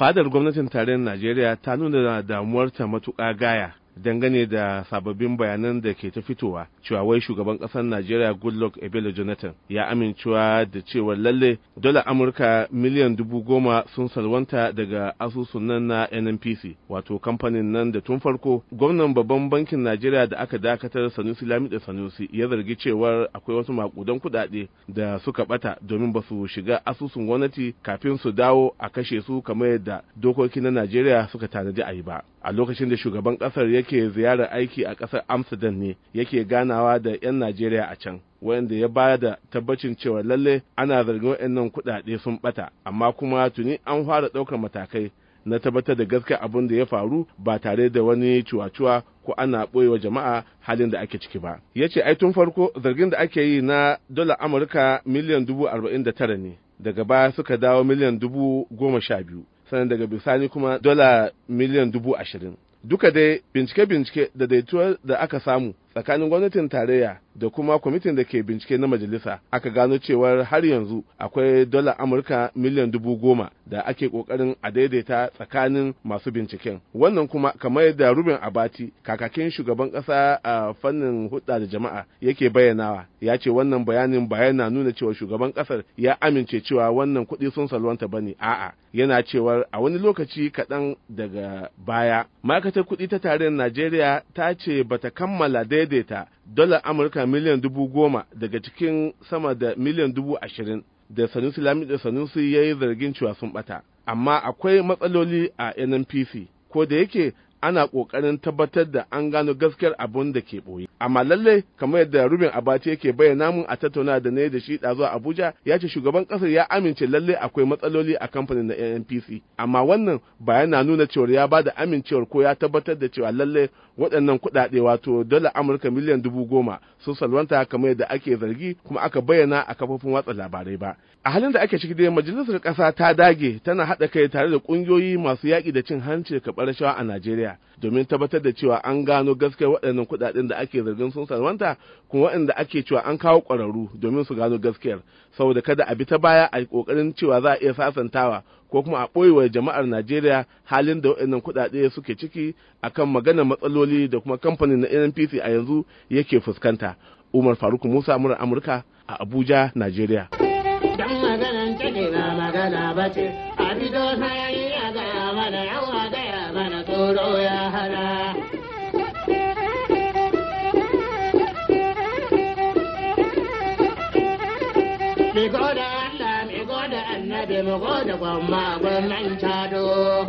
fadar gwamnatin tarayyar najeriya ta nuna damuwarta matuƙa gaya dangane da sababbin bayanan da ke ta fitowa cewa wai shugaban ƙasar Najeriya Goodluck Ebele Jonathan ya amincewa da cewa lalle dala Amurka miliyan dubu goma sun salwanta daga asusun nan na NNPC wato kamfanin nan da tun farko gwamnan babban bankin Najeriya da aka dakatar Sanusi Lamida Sanusi ya zargi cewar akwai wasu makudan kuɗaɗe da suka bata domin ba su shiga asusun gwamnati kafin su dawo a kashe su kamar yadda dokoki na Najeriya suka tanadi a yi ba. a lokacin da shugaban kasar yake ziyarar aiki a kasar amsterdam ne yake ganawa da 'yan najeriya a can wanda ya ba da tabbacin cewa lalle ana zargin wa'annan kuɗaɗe sun ɓata amma kuma tuni an fara ɗaukar matakai na tabbatar da gaske abin da ya faru ba tare da wani cuwa-cuwa ko ana wa jama'a halin da ake ciki ba. Ya ce ai tun farko zargin da ake yi na dola Amurka miliyan dubu arba'in da tara ne, daga baya suka dawo miliyan dubu goma sha biyu. sannan daga bisani kuma dola miliyan dubu ashirin duka dai bincike-bincike da daituwar da aka samu tsakanin gwamnatin tarayya da kuma kwamitin da ke bincike na majalisa aka gano cewar har yanzu akwai dola amurka miliyan dubu goma da ake kokarin a daidaita tsakanin masu binciken wannan kuma kamar yadda ruben abati kakakin shugaban kasa a fannin hudda da jama'a yake bayyanawa ya ce wannan bayanin ba yana nuna cewa shugaban kasar ya amince cewa wannan kuɗi sun salwanta ba ne a'a yana cewar a wani lokaci kaɗan daga baya ma'aikatar kuɗi ta tarayyar najeriya ta ce bata kammala daidai daidaita dolar amurka miliyan dubu goma daga cikin sama da miliyan dubu ashirin da sanusi da sanusi ya yi zargin cewa sun bata amma akwai matsaloli a nnpc ko da yake ana ƙoƙarin tabbatar da an gano gaskiyar abin da ke ɓoye. Amma lallai kamar yadda Rubin Abati yake bayyana mun a tattauna da ne da shi ɗazu a Abuja ya ce shugaban ƙasar ya amince lallai akwai matsaloli a kamfanin na NNPC. Amma wannan ba yana nuna cewa ya ba da amincewar ko ya tabbatar da cewa lallai waɗannan kuɗaɗe wato dala Amurka miliyan dubu goma sun salwanta kamar yadda ake zargi kuma aka bayyana a kafofin watsa labarai ba. A halin da ake ciki dai majalisar ƙasa ta dage tana haɗa kai tare da ƙungiyoyi masu yaƙi da cin hanci da rashawa a Najeriya. domin tabbatar da cewa an gano gaskiyar waɗannan kuɗaɗen da ake zargin sun salwanta kuma waɗanda ake cewa an kawo ƙwararru domin su gano gaskiyar saboda kada a bi ta baya a ƙoƙarin cewa za a iya sasantawa ko kuma a ɓoyewa jama'ar Najeriya halin da waɗannan kuɗaɗe suke ciki akan maganar matsaloli da kuma kamfanin na NNPC a yanzu yake fuskanta. Umar Faruk Musa mura Amurka a Abuja, Najeriya. Dan magana magana bace, a mana tsoro ya hana mi goda Allah, mi goda da mai goda gwamma tado.